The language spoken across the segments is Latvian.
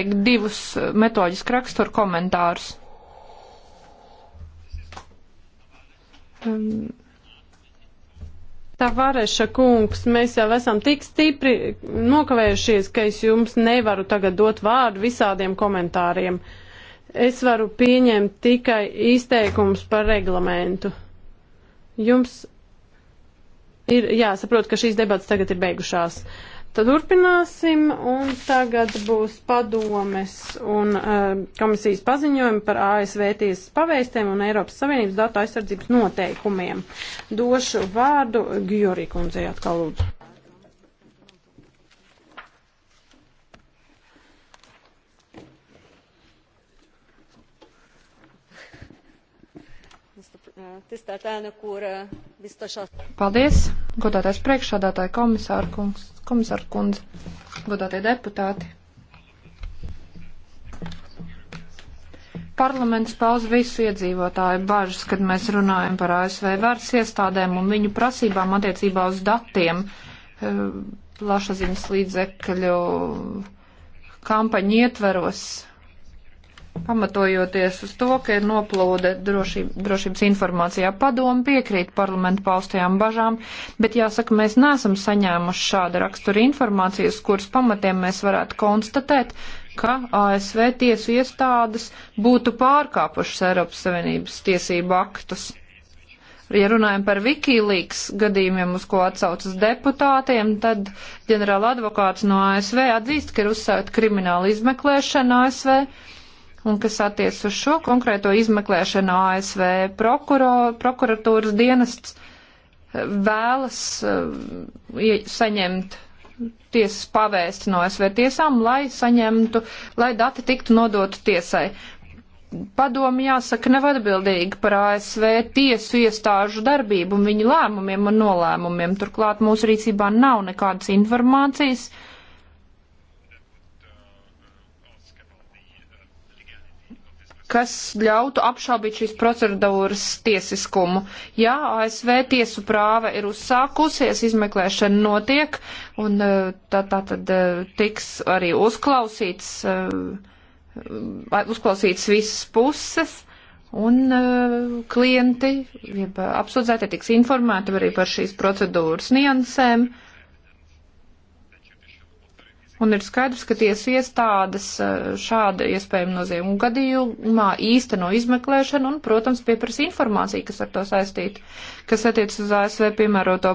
divus eh, metoģisku raksturu komentārus. Um, tā Vareša kungs, mēs jau esam tik stipri nokavējušies, ka es jums nevaru tagad dot vārdu visādiem komentāriem. Es varu pieņemt tikai izteikums par reglamentu. Jums ir jāsaprot, ka šīs debatas tagad ir beigušās. Uh, Tad turpināsim, un tagad būs padomes un uh, komisijas paziņojumi par ASV tiesas paveistēm un Eiropas Savienības datu aizsardzības noteikumiem. Došu vārdu Gjorī kundzei atkal lūdzu. Tisztelt elnök úr, biztos Paldies, godātais priekšādātāji komisārkungs, komisārkundze, godātie deputāti. Parlaments pauz visu iedzīvotāju bažas, kad mēs runājam par ASV varas iestādēm un viņu prasībām attiecībā uz datiem eh, plašsaziņas līdzekļu kampaņu ietveros pamatojoties uz to, ka ir noplūde drošība, drošības informācijā. Padomu piekrīt parlamentu paustajām bažām, bet jāsaka, mēs nesam saņēmuši šāda rakstura informācijas, kuras pamatiem mēs varētu konstatēt, ka ASV tiesu iestādes būtu pārkāpušas Eiropas Savienības tiesību aktus. Ja runājam par Wikileaks gadījumiem, uz ko atsaucas deputātiem, tad ģenerāla advokāts no ASV atzīst, ka ir uzsākt krimināla izmeklēšana ASV Un kas attiec uz šo konkrēto izmeklēšanu ASV prokuro, prokuratūras dienests eh, vēlas uh, saņemt tiesas pavēsti no ASV tiesām, lai saņemtu, lai dati tiktu nodotu tiesai. Padomi jāsaka nav atbildīgi par ASV tiesu iestāžu darbību un viņu lēmumiem un nolēmumiem. Turklāt mūsu rīcībā nav nekādas informācijas. Uh, kas ļautu apšaubīt šīs procedūras tiesiskumu. Jā, ASV tiesu prāva ir uzsākusies, izmeklēšana notiek, un e, tā, tā tad e, tiks arī uzklausīts, e, uzklausīts visas puses, un klienti, jeb apsūdzētie tiks informēti arī par šīs procedūras niansēm. Un ir skaidrs, ka tiesu iestādes eh, šāda iespējama nozieguma gadījumā īsteno izmeklēšanu un, protams, pieprasa informāciju, kas ar to saistīta, kas attiec uz ASV piemēroto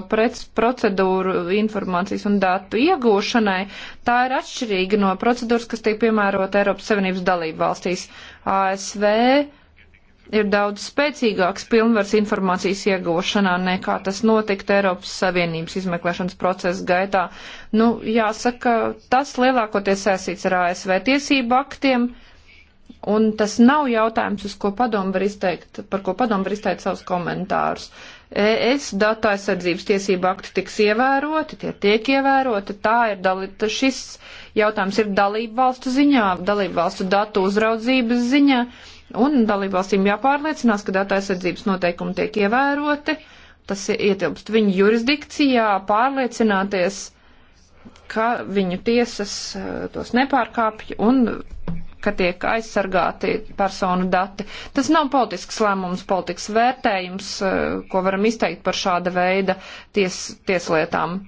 procedūru informācijas un datu iegūšanai. Tā ir atšķirīga no procedūras, kas tiek piemērota Eiropas Savienības dalību valstīs. ASV ir daudz spēcīgāks pilnvars informācijas iegūšanā nekā tas notika Eiropas Savienības izmeklēšanas procesa gaitā. Nu, jāsaka, tas lielākoties saistīts ar ASV tiesību aktiem, un tas nav jautājums, uz ko padomu var izteikt, par ko padomu var izteikt savus komentārus. ES datu aizsardzības tiesību akti tiks ievēroti, tie tiek ievēroti, tā ir dalīta, šis jautājums ir dalību valstu ziņā, dalību valstu datu uzraudzības ziņā Un dalībvalstīm jāpārliecinās, ka datu aizsardzības noteikumi tiek ievēroti, tas ietilpst viņu jurisdikcijā, pārliecināties, ka viņu tiesas eh, tos nepārkāpj un ka tiek aizsargāti personu dati. Tas nav politisks lēmums, politikas vērtējums, eh, ko varam izteikt par šāda veida ties, tieslietām.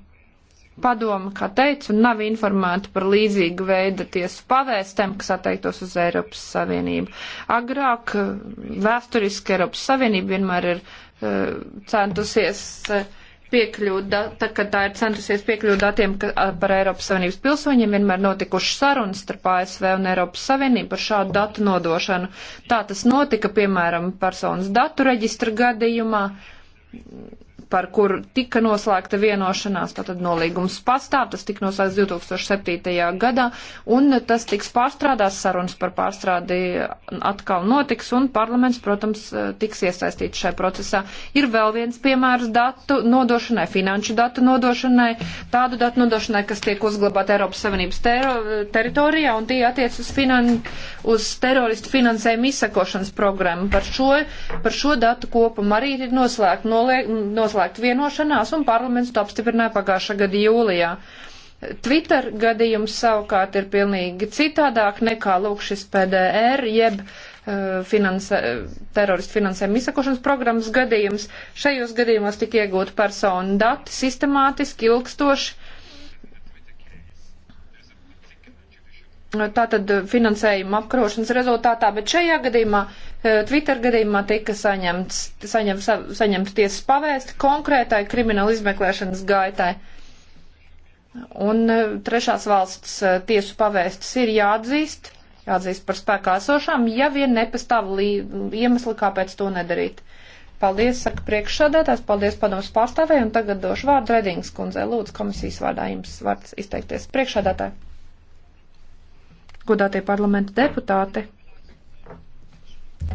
Padoma, kā teicu, nav informēta par līdzīgu veidu tiesu pavēstēm, kas attiektos uz Eiropas Savienību. Agrāk eh, vēsturiski Eiropas Savienība vienmēr ir uh, centusies uh, piekļūt, tā, kad tā ir centusies piekļūt datiem ka, par Eiropas Savienības pilsoņiem, vienmēr notikušas sarunas starp ASV un Eiropas Savienību par šādu datu nodošanu. Tā tas notika, piemēram, personas datu reģistra gadījumā par kur tika noslēgta vienošanās, tātad nolīgums pastāv, tas tika noslēgts 2007. gadā, un tas tiks pārstrādās, sarunas par pārstrādi atkal notiks, un parlaments, protams, tiks iesaistīts šajā procesā. Ir vēl viens piemērs datu nodošanai, finanšu datu nodošanai, tādu datu nodošanai, kas tiek uzglabāt Eiropas Savienības tero, teritorijā, un tie attiec uz, finan, uz teroristu finansējumu izsakošanas programmu. Par šo, par šo datu kopumu arī ir noslēgta noslēgt noslēgt vienošanās, un parlaments to apstiprināja pagājušā gada jūlijā. Twitter gadījums savukārt ir pilnīgi citādāk nekā lūk šis PDR, jeb uh, finansē, teroristu finansējuma izsakošanas programmas gadījums. Šajos gadījumos tika iegūta personu dati sistemātiski, ilgstoši. Tātad finansējuma apkarošanas rezultātā, bet šajā gadījumā uh, Eh, Twitter gadījumā tika saņemts, saņem, sa, saņemts tiesas pavēsti konkrētai krimināla izmeklēšanas gaitai. Un eh, trešās valsts eh, tiesu pavēstis ir jāatzīst, jāatzīst par spēkā esošām, ja vien nepastāv lī, iemesli, kāpēc to nedarīt. Paldies, saka priekšsādētājs, paldies padomus pārstāvēju, un tagad došu vārdu Redings kundzei. Lūdzu, komisijas vārdā jums vārds izteikties. Priekšsādētāji, godātie parlamenta deputāti.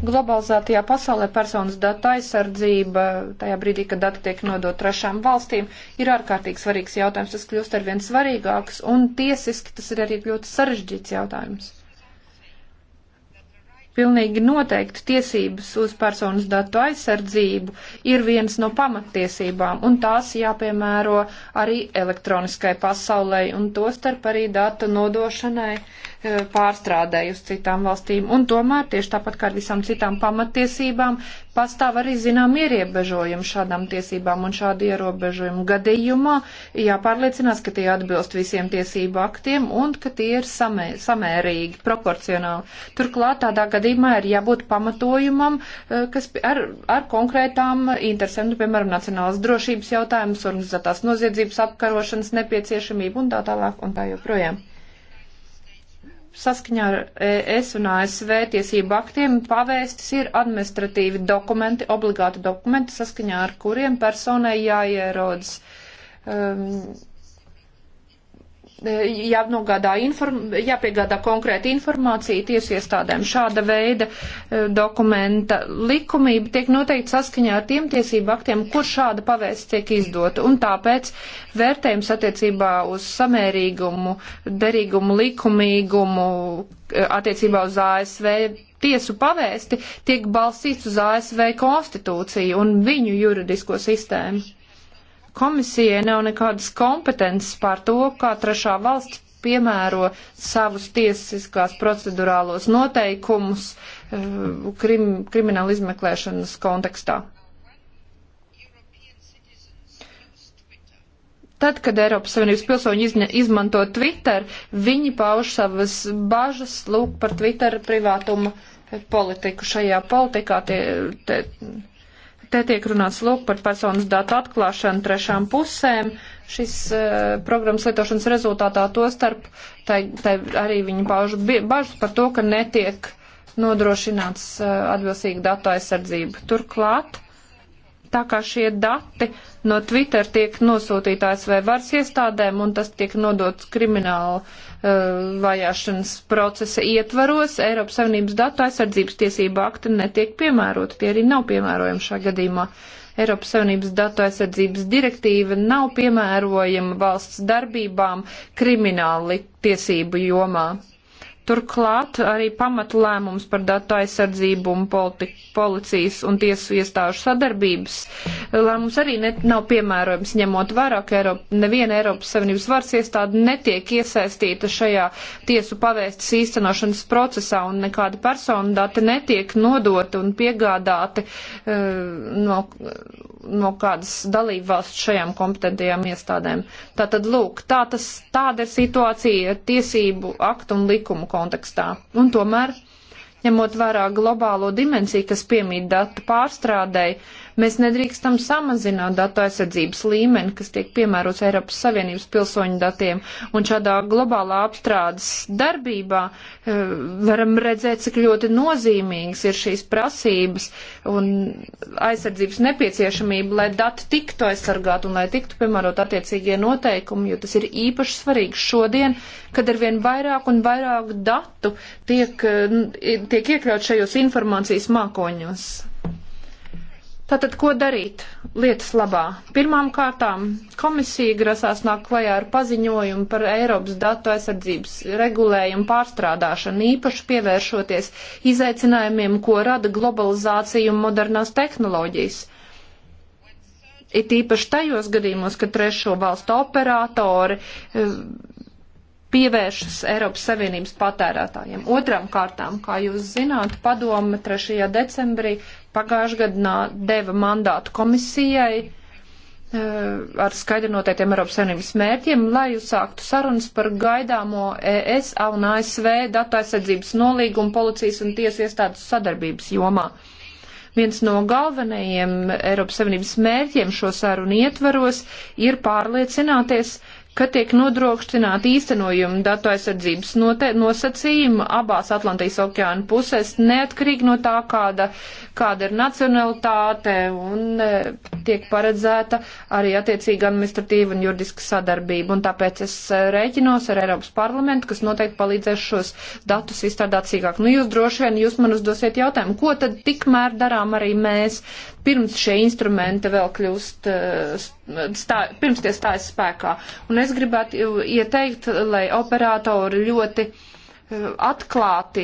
Globalizētajā pasaulē personas data aizsardzība, tajā brīdī, kad dati tiek nodot trešām valstīm, ir ārkārtīgi svarīgs jautājums. Tas kļūst arvien svarīgāks un tiesiski tas ir arī ļoti sarežģīts jautājums. Pilnīgi noteikti tiesības uz personas datu aizsardzību ir viens no pamattiesībām, un tās jāpiemēro arī elektroniskai pasaulē, un to starp arī datu nodošanai E, pārstrādēju uz citām valstīm. Un tomēr, tieši tāpat kā ar visām citām pamattiesībām, pastāv arī zinām ieriebežojumi šādām tiesībām un šādu ierobežojumu gadījumā jāpārliecinās, ka tie atbilst visiem tiesību aktiem un ka tie ir samē, samērīgi, proporcionāli. Turklāt tādā gadījumā ir jābūt pamatojumam, e, kas ar, ar konkrētām interesēm, nu, piemēram, nacionālas drošības jautājumus, organizētās noziedzības apkarošanas nepieciešamību un tā tālāk un tā joprojām saskaņā ar ES un ASV tiesību aktiem pavēstis ir administratīvi dokumenti, obligāti dokumenti, saskaņā ar kuriem personai jāierodas. Um, jānogādā inform, jāpiegādā konkrēta informācija tiesiestādēm. Šāda veida e, dokumenta likumība tiek noteikti saskaņā ar tiem tiesību aktiem, kur šāda pavēsts tiek izdota. Un tāpēc vērtējums attiecībā uz samērīgumu, derīgumu, likumīgumu e, attiecībā uz ASV tiesu pavēsti tiek balstīts uz ASV konstitūciju un viņu juridisko sistēmu. Komisijai nav nekādas kompetences pār to, kā trešā valsts piemēro savus tiesiskās procedurālos noteikumus eh, krim, krimināla izmeklēšanas kontekstā. Tad, kad Eiropas Savienības pilsoņi izņa, izmanto Twitter, viņi pauž savas bažas lūk par Twitter privātumu politiku. Šajā politikā tie, te, Te tiek runāts lūk par personas datu atklāšanu trešām pusēm. Šis uh, programmas lietošanas rezultātā to starp, tai, tai arī viņi pauž bažas par to, ka netiek nodrošināts uh, atbilstīga datu aizsardzība. Turklāt tā kā šie dati no Twitter tiek nosūtītājs vai varas iestādēm un tas tiek nodots krimināla uh, vajāšanas procesa ietvaros, Eiropas Savienības datu aizsardzības tiesība akti netiek piemēroti, tie arī nav piemērojami šā gadījumā. Eiropas Savienības datu aizsardzības direktīva nav piemērojama valsts darbībām krimināla tiesību jomā. Turklāt arī pamatlēmums par datu aizsardzību un politi, policijas un tiesu iestāžu sadarbības lēmums arī net, nav piemērojams, ņemot vērā, ka Eiropa, neviena Eiropas Savienības varas iestāde netiek iesaistīta šajā tiesu pavēstas īstenošanas procesā un nekāda persona data netiek nodota un piegādāti uh, no no kādas dalību valsts šajām kompetentajām iestādēm. Tātad, lūk, tā tas, tāda ir situācija tiesību aktu un likumu kontekstā. Un tomēr, ņemot vērā globālo dimensiju, kas piemīt datu pārstrādēji, Mēs nedrīkstam samazināt datu aizsardzības līmeni, kas tiek piemērots Eiropas Savienības pilsoņu datiem, un šādā globālā apstrādes darbībā eh, varam redzēt, cik ļoti nozīmīgas ir šīs prasības un aizsardzības nepieciešamība, lai dati tiktu aizsargāti un lai tiktu piemērot attiecīgie noteikumi, jo tas ir īpaši svarīgi šodien, kad arvien vairāk un vairāk datu tiek, eh, tiek iekļaut šajos informācijas mākoņos. Tātad, ko darīt lietas labā? Pirmām kārtām komisija grasās nāk klajā ar paziņojumu par Eiropas datu aizsardzības regulējumu pārstrādāšanu, īpaši pievēršoties izaicinājumiem, ko rada globalizācija un modernās tehnoloģijas. It īpaši tajos gadījumos, kad trešo valstu operatori e, pievēršas Eiropas Savienības patērētājiem. Otram kārtām, kā jūs zināt, padoma 3. decembrī pagājušajā gadā deva mandātu komisijai e, ar skaidri noteiktiem Eiropas Savienības mērķiem, lai uzsāktu sarunas par gaidāmo ES un ASV datu aizsardzības nolīgumu policijas un tiesu iestādes sadarbības jomā. Viens no galvenajiem Eiropas Savienības mērķiem šo sarunu ietvaros ir pārliecināties, uh, ka tiek nodrošināta īstenojuma datu aizsardzības nosacījuma abās Atlantijas okeāna pusēs, neatkarīgi no tā, kāda, kāda ir nacionalitāte un e, tiek paredzēta arī attiecīga administratīva un juridiska sadarbība. Un tāpēc es e, rēķinos ar Eiropas parlamentu, kas noteikti palīdzēs šos datus izstrādāt sīkāk. Nu, jūs droši vien, jūs man uzdosiet jautājumu, ko tad tikmēr darām arī mēs? pirms šie instrumenti vēl kļūst, eh, stā, pirms tie stājas spēkā. Un es gribētu ieteikt, lai operatori ļoti eh, atklāti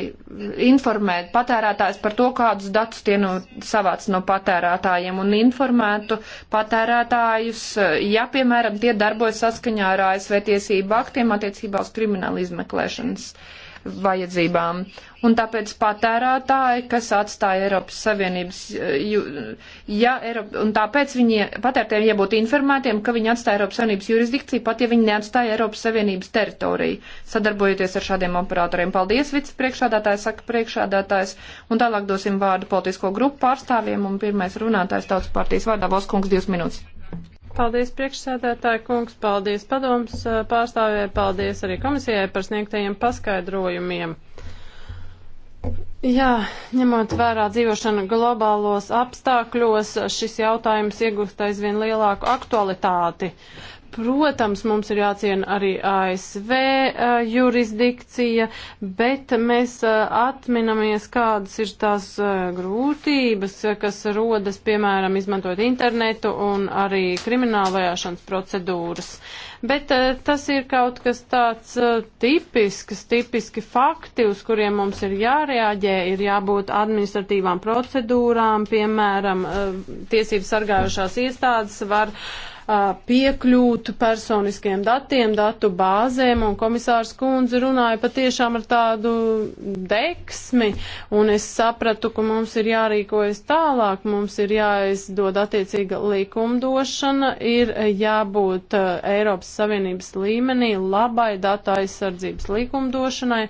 informēt patērētājs par to, kādus datus tie no, savāc no patērētājiem un informētu patērētājus, eh, ja, piemēram, tie darbojas saskaņā ar ASV tiesību aktiem attiecībā uz kriminālu izmeklēšanas uh, vajadzībām. Un tāpēc patērētāji, kas atstāja Eiropas Savienības, eh, ja Eiropa, un tāpēc viņi patērētājiem jābūt informētiem, ka viņi atstāja Eiropas Savienības jurisdikciju, pat ja viņi neatstāja Eiropas Savienības teritoriju, sadarbojoties ar šādiem operatoriem. Paldies, vicepriekšādātājs, saka priekšādātājs, un tālāk dosim vārdu politisko grupu pārstāvjiem, un pirmais runātājs tautas partijas vārdā Voskungs divas minūtes. Paldies priekšsēdētāji kungs, paldies padoms pārstāvē, paldies arī komisijai par sniegtajiem paskaidrojumiem. Jā, ņemot vērā dzīvošanu globālos apstākļos, šis jautājums iegūst aizvien lielāku aktualitāti. Uh, Protams, mums ir jāciena arī ASV uh, jurisdikcija, bet mēs uh, atminamies, kādas ir tās uh, grūtības, kas rodas, piemēram, izmantojot internetu un arī krimināla vajāšanas procedūras. Bet uh, tas ir kaut kas tāds uh, tipisks, tipiski fakti, uz kuriem mums ir jārēģē, ir jābūt administratīvām procedūrām, piemēram, uh, tiesības sargājušās iestādes var. Uh, piekļūt personiskiem datiem, datu bāzēm, un komisārs kundze runāja patiešām ar tādu deksmi, un es sapratu, ka mums ir jārīkojas tālāk, mums ir jāizdod attiecīga likumdošana, ir jābūt Eiropas Savienības līmenī labai datu aizsardzības likumdošanai,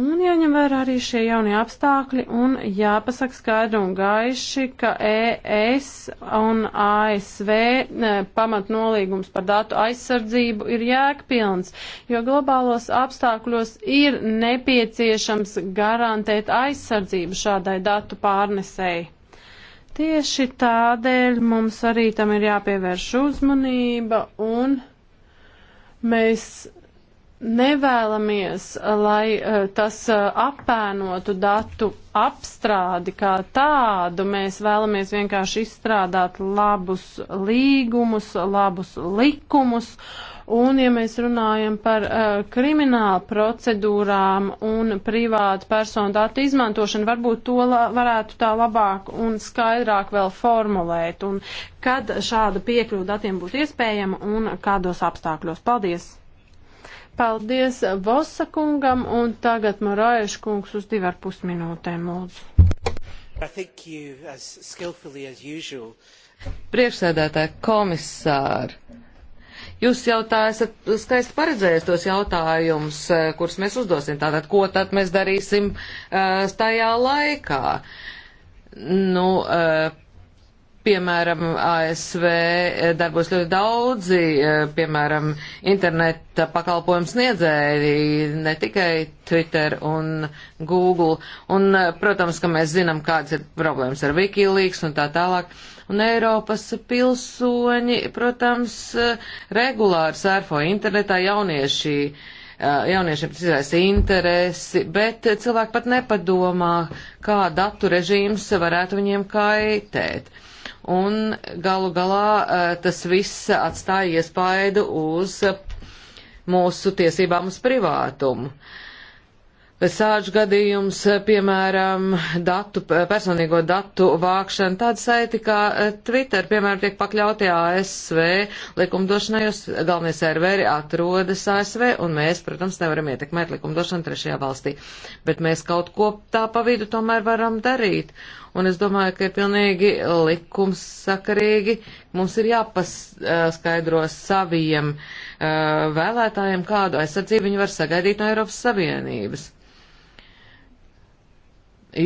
Un jāņem vērā arī šie jaunie apstākļi un jāpasaka skaidri un gaiši, ka ES un ASV ne, pamatnolīgums par datu aizsardzību ir jēgpilns, jo globālos apstākļos ir nepieciešams garantēt aizsardzību šādai datu pārnesēji. Tieši tādēļ mums arī tam ir jāpievērš uzmanība un mēs nevēlamies, lai uh, tas uh, apēnotu datu apstrādi kā tādu. Mēs vēlamies vienkārši izstrādāt labus līgumus, labus likumus. Un, ja mēs runājam par uh, eh, kriminālu procedūrām un privātu personu datu izmantošanu, varbūt to varētu tā labāk un skaidrāk vēl formulēt. Un kad šāda piekļuva datiem būtu iespējama un kādos apstākļos? Paldies! Paldies Vosa kungam un tagad Morājuš kungs uz divar pusminūtēm lūdzu. Priekšsēdētāji komisāri, Jūs jau tā esat skaisti paredzējis tos jautājumus, eh, kurus mēs uzdosim. Tātad, ko tad mēs darīsim uh, tajā laikā? Nu, uh, piemēram, ASV eh, darbos ļoti daudzi, eh, piemēram, interneta pakalpojums sniedzēji, ne tikai Twitter un Google. Un, eh, protams, ka mēs zinām, kādas ir problēmas ar Wikileaks un tā tālāk. Un Eiropas pilsoņi, protams, regulāri sērfo internetā jaunieši jauniešiem tas izraisa interesi, bet cilvēki pat nepadomā, kā datu režīms varētu viņiem kaitēt. Uh, un galu galā eh, tas viss atstāja iespaidu uz mūsu tiesībām uz privātumu. Sāģu gadījums, eh, piemēram, datu, eh, personīgo datu vākšana, tāda saiti kā Twitter, piemēram, tiek pakļauti ASV likumdošanai, jo galvenie serveri atrodas ASV, un mēs, protams, nevaram ietekmēt likumdošanu trešajā valstī, bet mēs kaut ko tā pa vidu tomēr varam darīt un es domāju, ka ir pilnīgi likums sakarīgi. Mums ir jāpaskaidro saviem uh, vēlētājiem, kādu aizsardzību viņi var sagaidīt no Eiropas Savienības.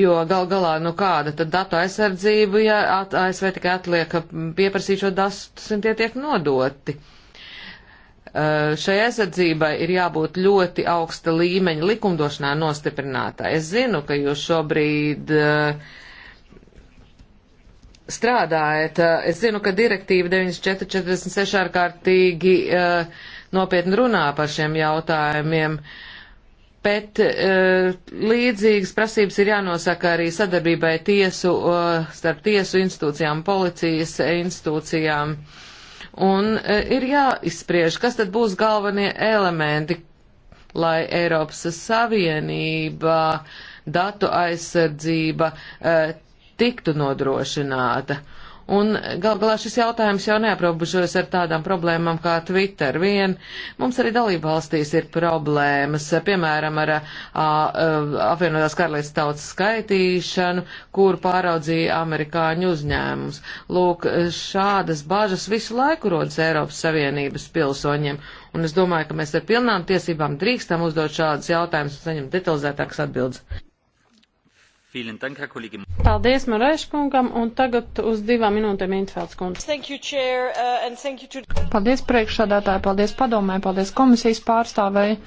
Jo gal galā, nu kāda tad datu aizsardzība, ja at, ASV tikai atliek pieprasīt šo datus un tie tiek nodoti. Uh, šai aizsardzībai ir jābūt ļoti augsta līmeņa likumdošanā nostiprinātā. Es zinu, ka jūs šobrīd uh, strādājat. Eh, es zinu, ka direktīva 9446 ārkārtīgi uh, nopietni runā par šiem jautājumiem, bet uh, līdzīgas prasības ir jānosaka arī sadarbībai tiesu, uh, starp tiesu institūcijām, policijas institūcijām. Un ir jāizspriež, kas tad būs galvenie elementi, lai Eiropas Savienība, datu aizsardzība, tiktu nodrošināta. Un gal galā šis jautājums jau neaprobežojas ar tādām problēmām kā Twitter vien. Mums arī dalība valstīs ir problēmas, piemēram, ar a, a, apvienotās karalītes tautas skaitīšanu, kur pāraudzīja amerikāņu uzņēmums. Lūk, šādas bažas visu laiku rodas Eiropas Savienības pilsoņiem. Un es domāju, ka mēs ar pilnām tiesībām drīkstam uzdot šādus jautājumus un saņemt detalizētākas atbildes. Paldies Maraiškungam un tagad uz divām minūtēm Intfelds kundze. Uh, paldies priekšsādātāji, paldies padomē, paldies komisijas pārstāvēji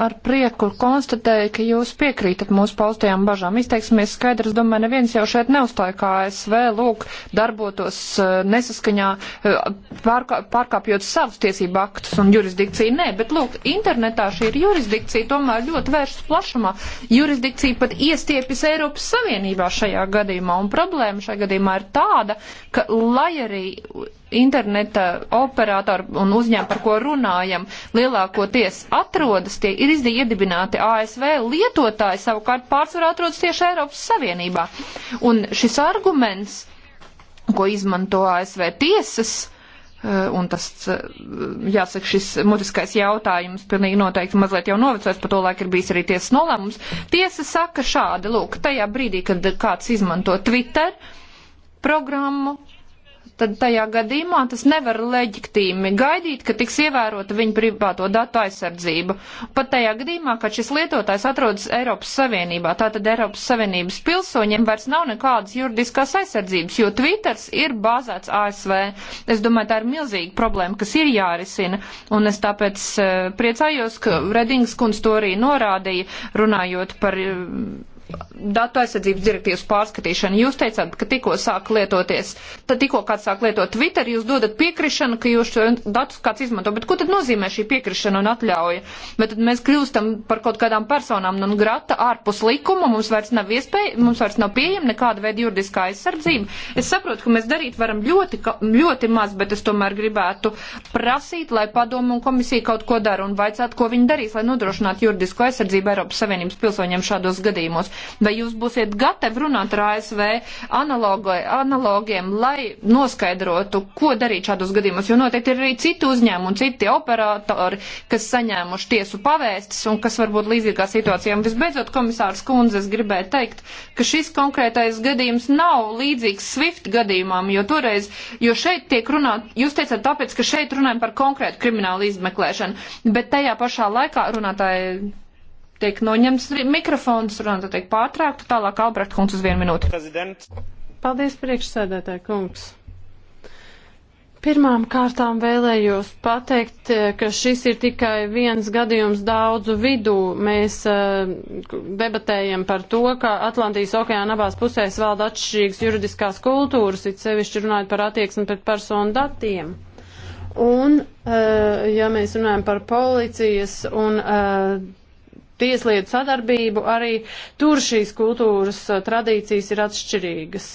ar prieku konstatēju, ka jūs piekrītat mūsu paustajām bažām. Izteiksimies skaidrs, domāju, neviens jau šeit neuzstāja, kā ASV, lūk, darbotos e, nesaskaņā, e, pārkā, pārkāpjot savus tiesību aktus un jurisdikciju. Nē, bet lūk, internetā šī ir jurisdikcija, tomēr ļoti vēršas plašumā. Jurisdikcija pat iestiepjas Eiropas Savienībā šajā gadījumā, un problēma šajā gadījumā ir tāda, ka lai arī interneta operatori un uzņēmumi, par ko runājam, lielākoties atrodas, tie ir iedibināti ASV, lietotāji savukārt pārsvarā atrodas tieši Eiropas Savienībā. Un šis arguments, ko izmanto ASV tiesas, eh, Un tas, eh, jāsaka, šis mutiskais jautājums pilnīgi noteikti mazliet jau novecojis, pa to laiku ir bijis arī tiesas nolēmums. Tiesa saka šādi, lūk, tajā brīdī, kad kāds izmanto Twitter programmu, tad tajā gadījumā tas nevar leģitīmi gaidīt, ka tiks ievērota viņa privāto datu aizsardzība. Pat tajā gadījumā, kad šis lietotājs atrodas Eiropas Savienībā, tātad Eiropas Savienības pilsoņiem vairs nav nekādas juridiskās aizsardzības, jo Twitters ir bāzēts ASV. Es domāju, tā ir milzīga problēma, kas ir jārisina, un es tāpēc eh, priecājos, ka Redings kundz to arī norādīja, runājot par eh, datu aizsardzības direktīvas pārskatīšana. Jūs teicāt, ka tikko sāk lietoties, tad tikko kāds sāk lietot Twitter, jūs dodat piekrišanu, ka jūs šo datus kāds izmanto. Bet ko tad nozīmē šī piekrišana un atļauja? Bet tad mēs kļūstam par kaut kādām personām non grata ārpus likuma, mums vairs nav iespēja, mums vairs nav pieejama nekāda veida juridiskā aizsardzība. Es saprotu, ka mēs darīt varam ļoti, ļoti maz, bet es tomēr gribētu prasīt, lai padomu un komisija kaut ko dara un vaicāt, ko viņi darīs, lai nodrošinātu juridisko aizsardzību Eiropas Savienības pilsoņiem šādos gadījumos. Vai jūs būsiet gatavi runāt ar ASV analogo, analogiem, lai noskaidrotu, ko darīt šādos gadījumos? Jo noteikti ir arī citi uzņēmumi un citi operatori, kas saņēmuši tiesu pavēstis un kas varbūt līdzīgā situācijā. Un visbeidzot, komisārs Kunze, es gribēju teikt, ka šis konkrētais gadījums nav līdzīgs SWIFT gadījumam, jo toreiz, jo šeit tiek runāt, jūs teicat tāpēc, ka šeit runājam par konkrētu kriminālu izmeklēšanu, bet tajā pašā laikā runātāji tiek noņemts mikrofons, runa tiek pārtraukta. Tālāk Albrecht kungs uz vienu minūti. President. Paldies, priekšsēdētāji kungs. Pirmām kārtām vēlējos pateikt, ka šis ir tikai viens gadījums daudzu vidū. Mēs uh, debatējam par to, ka Atlantijas okeāna abās pusēs valda atšķirīgas juridiskās kultūras, it sevišķi runājot par attieksmi pret personu datiem. Un, uh, ja mēs runājam par policijas un uh, tieslietu sadarbību, arī tur šīs kultūras tradīcijas ir atšķirīgas.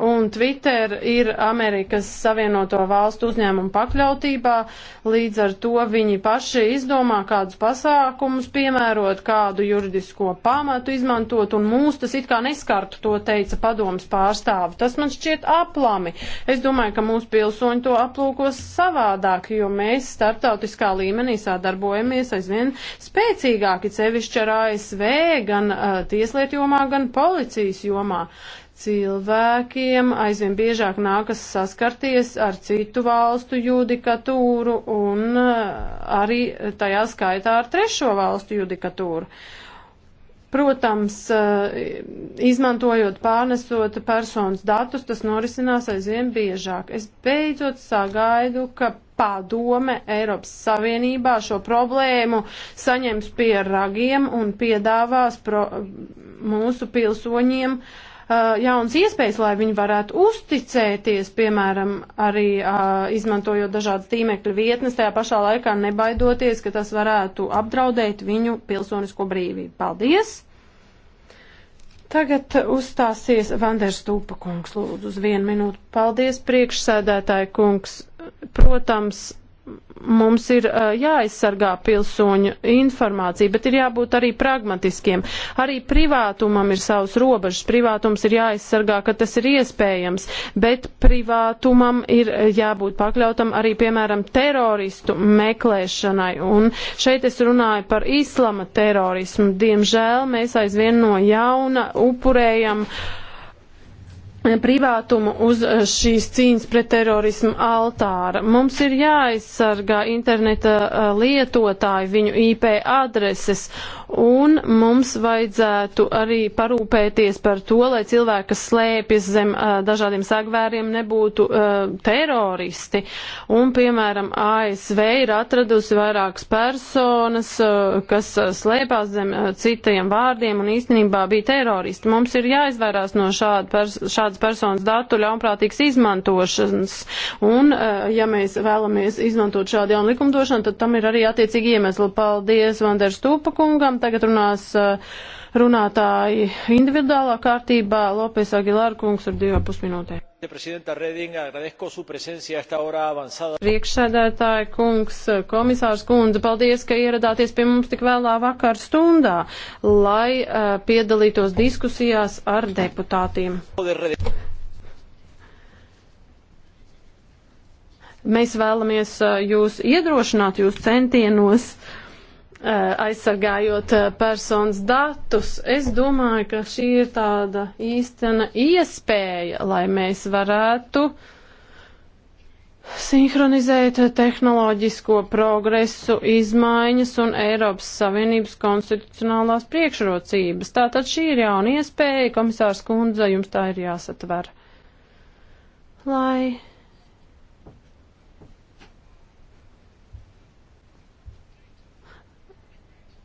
un Twitter ir Amerikas Savienoto valstu uzņēmumu pakļautībā, līdz ar to viņi paši izdomā, kādus pasākumus piemērot, kādu juridisko pamatu izmantot, un mūs tas it kā neskartu, to teica padomas pārstāvi. Tas man šķiet aplami. Es domāju, ka mūsu pilsoņi to aplūkos savādāk, jo mēs starptautiskā līmenī sadarbojamies aizvien spēcīgāki, sevišķi ar ASV, gan uh, tieslietu jomā, gan policijas jomā cilvēkiem aizvien biežāk nākas saskarties ar citu valstu judikatūru un eh, arī tajā skaitā ar trešo valstu judikatūru. Protams, eh, izmantojot pārnesot personas datus, tas norisinās aizvien biežāk. Es beidzot sagaidu, ka padome Eiropas Savienībā šo problēmu saņems pie ragiem un piedāvās pro, mūsu pilsoņiem uh, Uh, jaunas iespējas, lai viņi varētu uzticēties, piemēram, arī uh, izmantojot dažādas tīmekļa vietnes, tajā pašā laikā nebaidoties, ka tas varētu apdraudēt viņu pilsonisko brīvību. Paldies! Tagad uzstāsies Vanders Tūpa kungs, lūdzu, uz vienu minūtu. Paldies, priekšsēdētāji kungs. Protams, mums ir uh, jāaizsargā pilsoņu informācija, bet ir jābūt arī pragmatiskiem. Arī privātumam ir savs robežas, privātums ir jāaizsargā, ka tas ir iespējams, bet privātumam ir jābūt pakļautam arī, piemēram, teroristu meklēšanai. Un šeit es runāju par islama terorismu. Diemžēl mēs aizvien no jauna upurējam uh, privātumu uz eh, šīs cīņas pret terorismu altāra. Mums ir jāaizsargā interneta eh, lietotāji, viņu IP adreses, un mums vajadzētu arī parūpēties par to, lai cilvēki, kas slēpjas zem eh, dažādiem sagvēriem, nebūtu uh, teroristi. Un, piemēram, ASV ir atradusi vairākas personas, uh, kas slēpās zem uh, citiem vārdiem un īstenībā bija teroristi. Mums ir jāizvairās no šāda, šāda šādas personas datu ļaunprātīgas izmantošanas. Un, eh, ja mēs vēlamies izmantot šādu jaunu likumdošanu, tad tam ir arī attiecīgi iemesli. Paldies Vanders Tūpa kungam. Tagad runās. Uh, runātāji individuālā kārtībā. Lopes Agilāra kungs ar divām pusminūtēm. Priekšsēdētāja kungs, komisārs kundze, paldies, ka ieradāties pie mums tik vēlā vakar stundā, lai uh, piedalītos diskusijās ar deputātiem. Mēs vēlamies uh, jūs iedrošināt jūs centienos uh, Eh, aizsargājot eh, personas datus. Es domāju, ka šī ir tāda īstena iespēja, lai mēs varētu sinhronizēt tehnoloģisko progresu, izmaiņas un Eiropas Savienības konstitucionālās priekšrocības. Tātad šī ir jauna iespēja, komisārs Kundze, jums tā ir jāsatver. Lai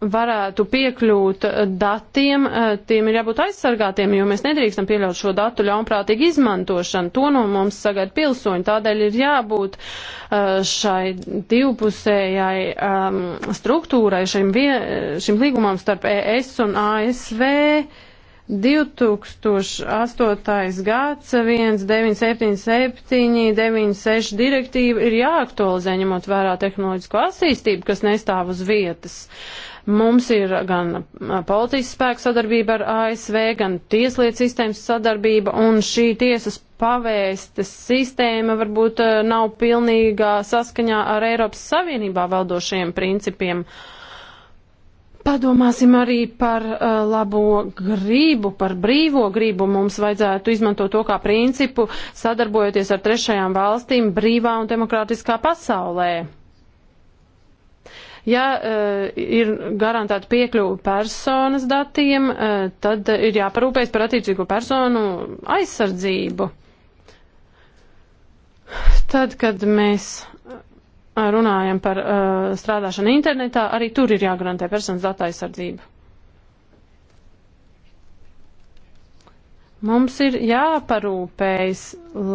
varētu piekļūt datiem, eh, tiem ir jābūt aizsargātiem, jo mēs nedrīkstam pieļaut šo datu ļaunprātīgu izmantošanu. To no mums sagaida pilsoņi, tādēļ ir jābūt eh, šai divpusējai um, struktūrai, šim, vie, šim līgumam starp ES un ASV. 2008. gads 1977, 96 direktīva ir jāaktualizē, ņemot vērā tehnoloģisko attīstību, kas nestāv uz vietas. Mums ir gan policijas spēku sadarbība ar ASV, gan tieslietu sistēmas sadarbība, un šī tiesas pavēstas sistēma varbūt nav pilnīgā saskaņā ar Eiropas Savienībā valdošiem principiem. Uh, Padomāsim arī par uh, labo grību, par brīvo grību. Mums vajadzētu izmantot to kā principu, sadarbojoties ar trešajām valstīm brīvā un demokrātiskā pasaulē. Ja uh, ir garantēta piekļuva personas datiem, uh, tad ir jāparūpējas par attiecīgo personu aizsardzību. Tad, kad mēs runājam par uh, strādāšanu internetā, arī tur ir jāgarantē personas datu aizsardzība. Mums ir jāparūpējas,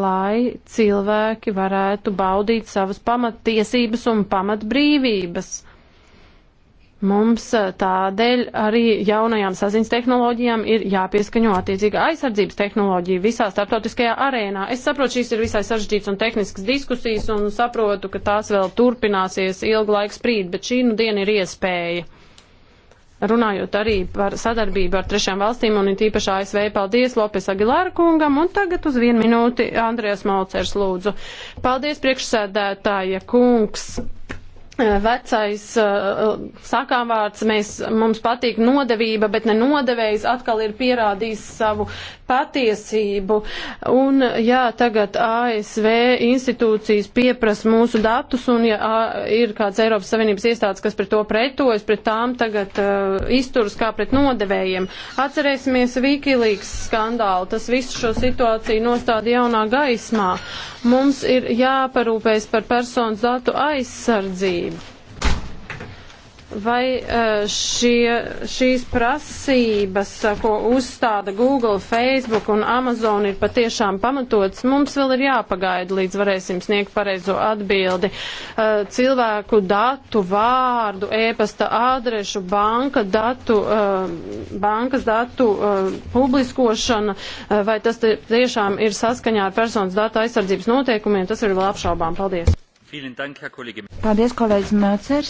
lai cilvēki varētu baudīt savas pamattiesības un pamatbrīvības. Mums eh, tādēļ arī jaunajām saziņas tehnoloģijām ir jāpieskaņo attiecīga aizsardzības tehnoloģija visā starptautiskajā arēnā. Es saprotu, šīs ir visai sarežģītas un tehniskas diskusijas un saprotu, ka tās vēl turpināsies ilgu laiku sprīd, bet šī nu diena ir iespēja. Runājot arī par sadarbību ar trešām valstīm un it īpaši ASV, paldies Lopes Agilāra kungam un tagad uz vienu minūti Andrijas Maucers lūdzu. Paldies priekšsēdētāja kungs vecais uh, sakāmvārds, mēs, mums patīk nodevība, bet ne nodevējs atkal ir pierādījis savu patiesību. Un jā, tagad ASV institūcijas pieprasa mūsu datus, un ja uh, ir kāds Eiropas Savienības iestādes, kas pret to pretojas, pret tām tagad uh, izturas kā pret nodevējiem. Atcerēsimies Wikileaks skandālu, tas visu šo situāciju nostāda jaunā gaismā. Mums ir jāparūpēs par personas datu aizsardzību drošību. Vai eh, šie, šīs prasības, eh, ko uzstāda Google, Facebook un Amazon, ir patiešām pamatots? Mums vēl ir jāpagaida, līdz varēsim sniegt pareizo atbildi. Eh, cilvēku datu, vārdu, ēpasta adrešu, banka datu, bankas datu publiskošana, vai tas tiešām ir saskaņā ar personas datu aizsardzības noteikumiem, tas ir vēl apšaubām. Paldies! Paldies, kolēģis Melcers.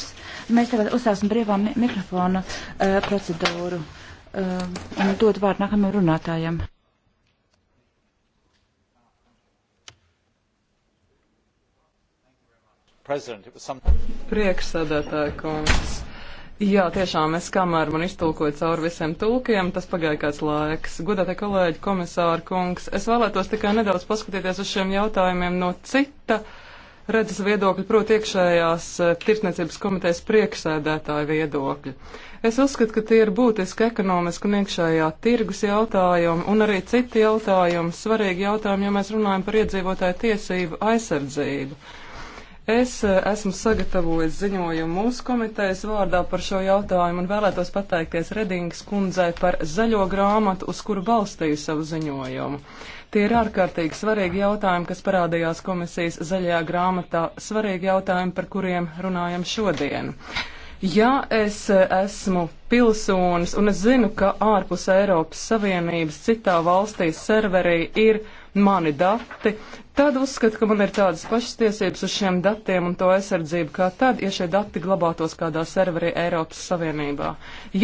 Mēs tagad uzsāksim brīvā mikrofona uh, procedūru uh, un dot vārdu nākamajam runātājam. Prieksēdētāja kungs. Jā, tiešām es kamēr man iztulkoju cauri visiem tulkiem, tas pagāja kāds laiks. Godātie kolēģi, komisāra kungs, es vēlētos tikai nedaudz paskatīties uz šiem jautājumiem no cita uh, redzes viedokļi, proti iekšējās eh, tirsniecības komitejas priekšsēdētāja viedokļi. Es uzskatu, ka tie ir būtiski ekonomiski un iekšējā tirgus jautājumi un arī citi jautājumi, svarīgi jautājumi, ja mēs runājam par iedzīvotāju tiesību aizsardzību. Es eh, esmu sagatavojis ziņojumu mūsu komitejas vārdā par šo jautājumu un vēlētos pateikties Redingas kundzei par zaļo grāmatu, uz kuru balstīju savu ziņojumu. Tie ir ārkārtīgi svarīgi jautājumi, kas parādījās komisijas zaļajā grāmatā, svarīgi jautājumi, par kuriem runājam šodien. Ja es esmu pilsonis un es zinu, ka ārpus Eiropas Savienības citā valstī serverī ir mani dati, tad uzskatu, ka man ir tādas pašas tiesības uz šiem datiem un to aizsardzību, kā tad, ja šie dati glabātos kādā serverī Eiropas Savienībā.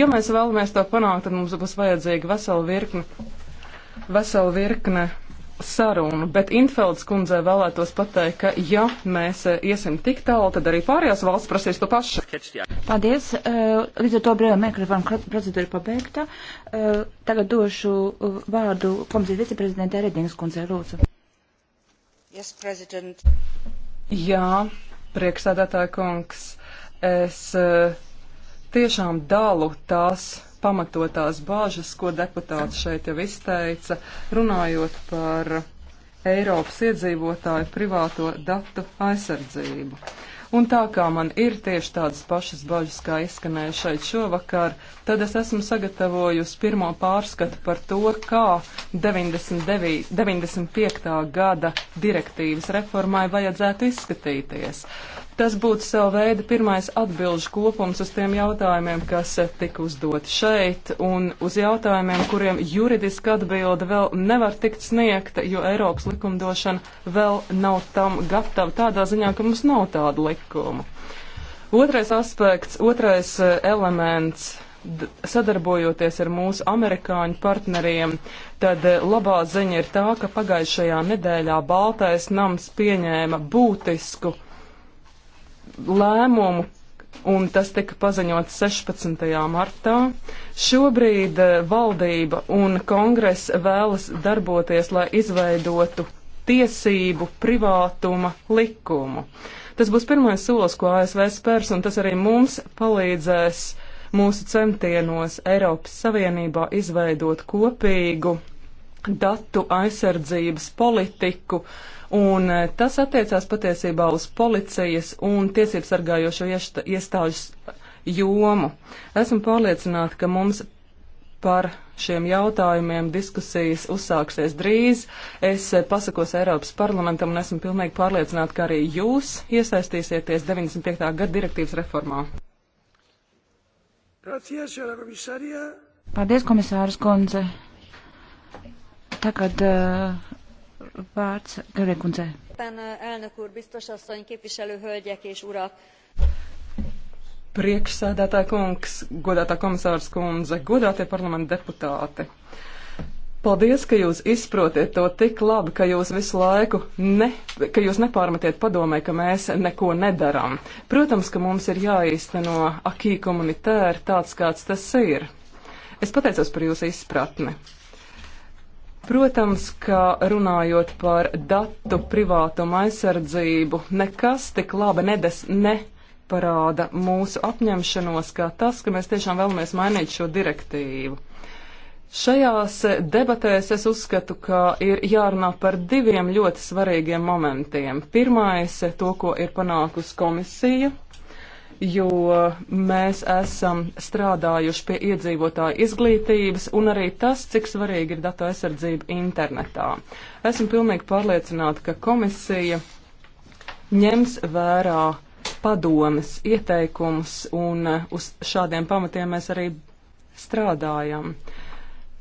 Ja mēs vēlamies to panākt, tad mums būs vajadzīga vesela virkne vesela virkne sarunu, bet Infelds kundzē vēlētos pateikt, ka ja mēs eh, iesim tik tālu, tad arī pārējās valsts prasīs to pašu. Paldies. Eh, līdz ar to brīvā mikrofona procedūra pabeigta. Eh, tagad došu vārdu komisijas viceprezidentē Redingas kundzē Lūdzu. Yes, president. Jā, priekšsēdētāja kungs, es tiešām dalu tās pamatotās bāžas, ko deputāts šeit jau izteica, runājot par Eiropas iedzīvotāju privāto datu aizsardzību. Un tā kā man ir tieši tādas pašas bažas, kā izskanēja šeit šovakar, tad es esmu sagatavojusi pirmo pārskatu par to, kā 99, 95. gada direktīvas reformai vajadzētu izskatīties. Tas būtu sava veida pirmais atbilžu kopums uz tiem jautājumiem, kas tika uzdoti šeit, un uz jautājumiem, kuriem juridiska atbilde vēl nevar tikt sniegta, jo Eiropas likumdošana vēl nav tam gatava tādā ziņā, ka mums nav tādu likumu. Otrais aspekts, otrais eh, elements sadarbojoties ar mūsu amerikāņu partneriem, tad eh, labā ziņa ir tā, ka pagājušajā nedēļā Baltais nams pieņēma būtisku lēmumu, un tas tika paziņots 16. martā. Šobrīd eh, valdība un kongress vēlas darboties, lai izveidotu tiesību privātuma likumu. Tas būs pirmais solis, ko ASV spērs, un tas arī mums palīdzēs mūsu centienos Eiropas Savienībā izveidot kopīgu datu aizsardzības politiku, uh, Un eh, tas attiecās patiesībā uz policijas un tiesības sargājošo iestāžu jomu. Esmu pārliecināta, ka mums par šiem jautājumiem diskusijas uzsāksies drīz. Es eh, pasakos Eiropas parlamentam un esmu pilnīgi pārliecināta, ka arī jūs iesaistīsieties 95. gada direktīvas reformā. Paldies, komisāras kundze. Tagad uh, vārds Garekundzē. Eh, Priekšsēdētāja kungs, godātā komisārs kundze, godātie parlamenta deputāti. Paldies, ka jūs izprotiet to tik labi, ka jūs visu laiku ne, ka jūs nepārmetiet padomē, ka mēs neko nedaram. Protams, ka mums ir jāīsteno akī komunitēri tāds, kāds tas ir. Es pateicos par jūsu izpratni. Protams, ka runājot par datu privātumu aizsardzību, nekas tik labi nedes, ne parāda mūsu apņemšanos, kā tas, ka mēs tiešām vēlamies mainīt šo direktīvu. Šajās debatēs es uzskatu, ka ir jārunā par diviem ļoti svarīgiem momentiem. Pirmais, to, ko ir panākusi komisija, jo mēs esam strādājuši pie iedzīvotāju izglītības un arī tas, cik svarīgi ir datu aizsardzība internetā. Esmu pilnīgi pārliecināta, ka komisija ņems vērā padomes ieteikumus un uz šādiem pamatiem mēs arī strādājam. Uh,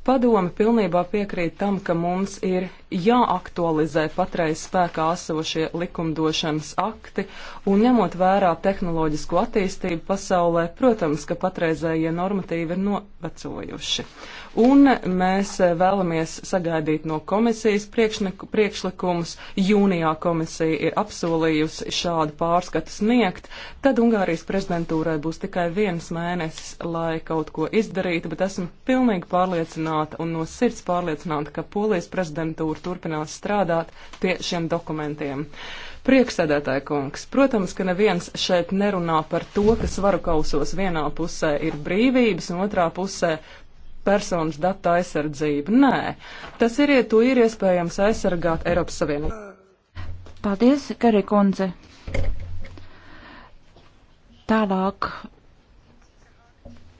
Padome pilnībā piekrīt tam, ka mums ir jāaktualizē patreiz spēkā esošie likumdošanas akti, un ņemot vērā tehnoloģisko attīstību pasaulē, protams, ka patreizējie normatīvi ir novecojuši un mēs vēlamies sagaidīt no komisijas priekšlikumus. Jūnijā komisija ir apsolījusi šādu pārskatu sniegt, tad Ungārijas prezidentūrai būs tikai viens mēnesis, lai kaut ko izdarītu, bet esmu pilnīgi pārliecināta un no sirds pārliecināta, ka Polijas prezidentūra turpinās strādāt pie šiem dokumentiem. Prieksēdētāja kungs, protams, ka neviens šeit nerunā par to, ka svaru kausos vienā pusē ir brīvības un otrā pusē personas datu aizsardzību. Nē, tas ir, ja to ir iespējams aizsargāt Eiropas Savienībā. Paldies, Kari Konze. Tālāk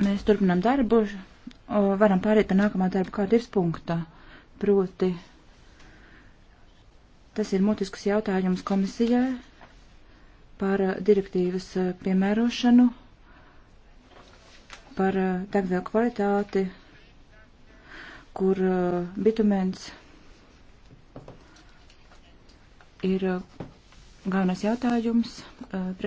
mēs turpinām darbu. Varam pāriet pie nākamā darba kārtības punkta. Proti, tas ir mutisks jautājums komisijai par eh, direktīvas eh, piemērošanu, par eh, degvielu kvalitāti kur uh, bitumens ir uh, galvenais jautājums. Uh,